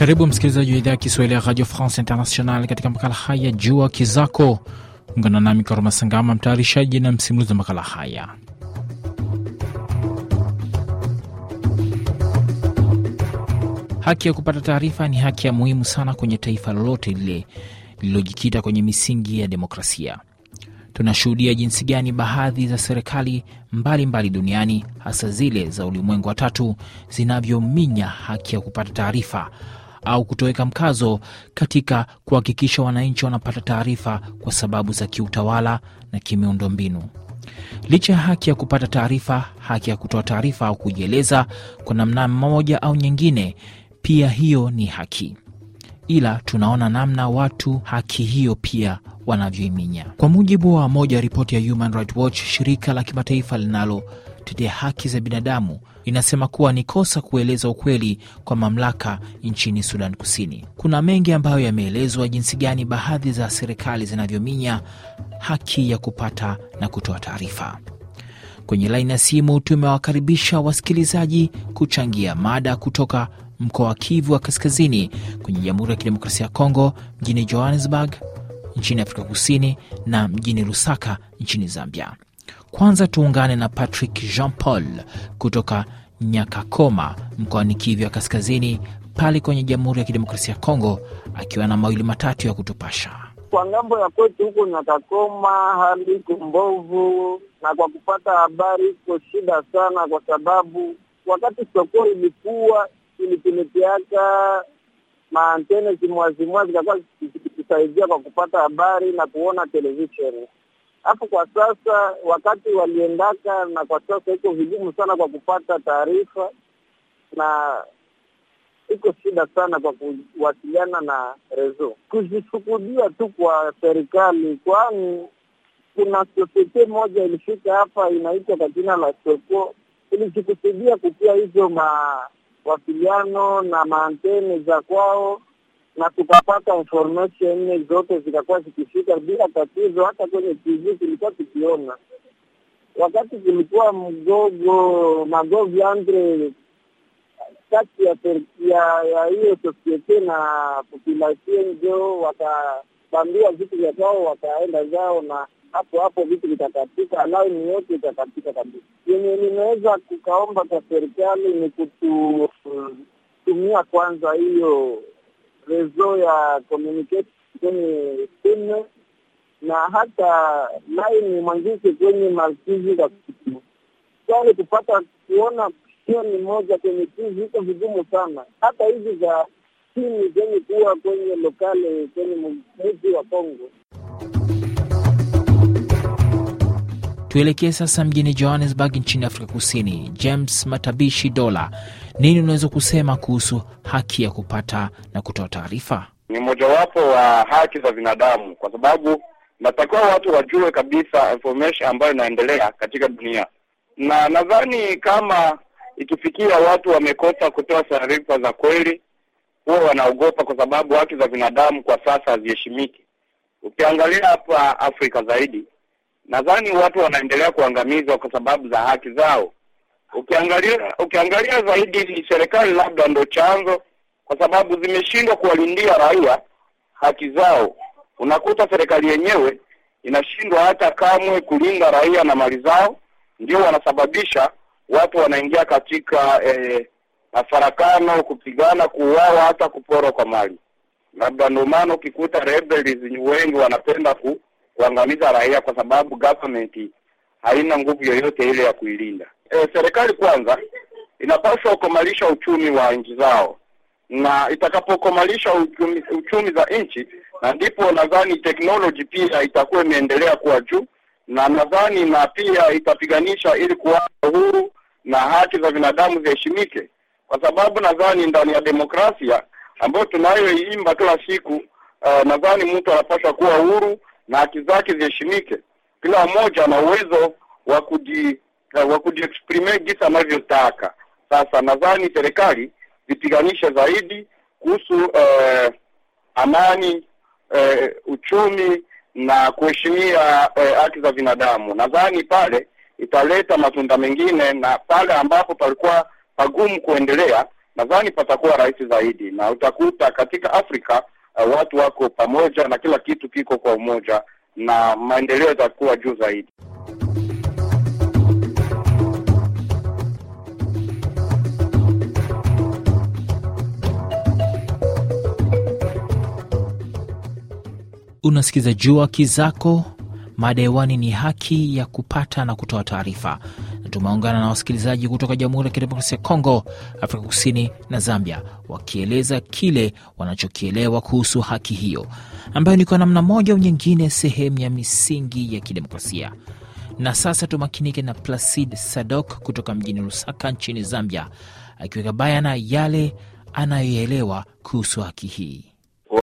Karibu msikilizaji wa idhaa ya Kiswahili ya Radio France International katika makala haya Jua Kizako. Ungana nami Karuma Sangama, mtayarishaji na msimulizi wa makala haya. Haki ya kupata taarifa ni haki ya muhimu sana kwenye taifa lolote lile lililojikita kwenye misingi ya demokrasia. Tunashuhudia jinsi gani baadhi za serikali mbalimbali mbali duniani, hasa zile za ulimwengu wa tatu, zinavyominya haki ya kupata taarifa, au kutoweka mkazo katika kuhakikisha wananchi wanapata taarifa kwa sababu za kiutawala na mbinu Licha ya haki ya kupata taarifa, haki ya kutoa taarifa au kujieleza kwa namna moja au nyingine, pia hiyo ni haki, ila tunaona namna watu haki hiyo pia wanavyoiminya. Kwa mujibu wa moja ripoti ya Human Watch, shirika la kimataifa linalo kutetea haki za binadamu inasema kuwa ni kosa kueleza ukweli kwa mamlaka nchini Sudan Kusini. Kuna mengi ambayo yameelezwa jinsi gani baadhi za serikali zinavyominya haki ya kupata na kutoa taarifa. Kwenye laini ya simu tumewakaribisha wasikilizaji kuchangia mada kutoka mkoa wa Kivu wa Kaskazini kwenye Jamhuri ya Kidemokrasia ya Kongo, mjini Johannesburg nchini Afrika Kusini na mjini Lusaka nchini Zambia. Kwanza tuungane na Patrick Jean Paul kutoka Nyakakoma mkoani Kivu ya Kaskazini, pale kwenye Jamhuri ya Kidemokrasia ya Kongo, akiwa na mawili matatu ya kutupasha. Kwa ngambo ya kwetu huko Nyakakoma hali iko mbovu, na kwa kupata habari iko shida sana, kwa sababu wakati soko ilikuwa ilitumikiaka maantene zimwazimwa zikakuwa zikitusaidia kwa kupata habari na kuona televisheni hapo kwa sasa, wakati waliendaka na kwa sasa iko vigumu sana kwa kupata taarifa, na iko shida sana kwa kuwasiliana na rezo. Kuzishuhudia tu kwa serikali, kwani kuna sosiete moja ilifika hapa inaitwa kwa jina la Soko, ilizikusaidia kupia hizo mawasiliano na maantene za kwao na tukapata information zote zikakuwa zikifika bila tatizo. Hata kwenye TV tulikuwa tukiona wakati kulikuwa mgogo magovi andre kati ya hiyo sosiete na population, ndio wakabambia vitu vya kwao, wakaenda zao, na hapo hapo vitu vitakatika, laini yote itakatika kabisa. Yenye nimeweza kukaomba kwa serikali ni kututumia kwanza hiyo rezo ya kwenye simu na hata laini mwanzishi kwenye markizi kitu sali kupata kuona ni moja kwenye tizi iko vigumu sana, hata hizi za chini zenye kuwa kwenye lokale kwenye mji wa Kongo. Tuelekee sasa mjini Johannesburg nchini Afrika Kusini. James Matabishi Dola nini unaweza kusema kuhusu haki ya kupata na kutoa taarifa? Ni mmojawapo wa haki za binadamu, kwa sababu natakiwa watu wajue kabisa information ambayo inaendelea katika dunia, na nadhani kama ikifikia watu wamekosa kutoa taarifa za kweli, huwa wanaogopa, kwa sababu haki za binadamu kwa sasa haziheshimiki. Ukiangalia hapa Afrika zaidi, nadhani watu wanaendelea kuangamizwa kwa sababu za haki zao. Ukiangalia ukiangalia zaidi ni serikali labda ndo chanzo, kwa sababu zimeshindwa kuwalindia raia haki zao. Unakuta serikali yenyewe inashindwa hata kamwe kulinda raia na mali zao, ndio wanasababisha watu wanaingia katika eh, mafarakano, kupigana, kuuawa, hata kuporwa kwa mali. Labda ndio maana ukikuta rebels wengi wanapenda ku, kuangamiza raia kwa sababu government haina nguvu yoyote ile ya kuilinda e, serikali kwanza inapaswa kukomalisha uchumi wa nchi zao, na itakapokomalisha uchumi, uchumi za nchi, na ndipo nadhani teknoloji pia itakuwa imeendelea kuwa juu, na nadhani na pia itapiganisha ili kuwa uhuru na haki za binadamu ziheshimike, kwa sababu nadhani ndani ya demokrasia ambayo tunayoiimba kila siku uh, nadhani mtu anapaswa kuwa huru na haki zake ziheshimike. Kila mmoja ana uwezo wa kuji wa kujiexprime jinsi anavyotaka. Sasa nadhani serikali zipiganishe zaidi kuhusu eh, amani eh, uchumi na kuheshimia eh, haki za binadamu. Nadhani pale italeta matunda mengine, na pale ambapo palikuwa pagumu kuendelea, nadhani patakuwa rahisi zaidi, na utakuta katika Afrika eh, watu wako pamoja na kila kitu kiko kwa umoja na maendeleo yatakuwa juu zaidi. Unasikiza Jua Kizako. Mada hewani ni haki ya kupata na kutoa taarifa, na tumeungana na wasikilizaji kutoka Jamhuri ya Kidemokrasia ya Kongo, Afrika Kusini na Zambia, wakieleza kile wanachokielewa kuhusu haki hiyo ambayo ni kwa namna moja au nyingine sehemu ya misingi ya kidemokrasia. Na sasa tumakinike na Placid Sadok kutoka mjini rusaka nchini Zambia, akiweka bayana yale anayoelewa kuhusu haki hii.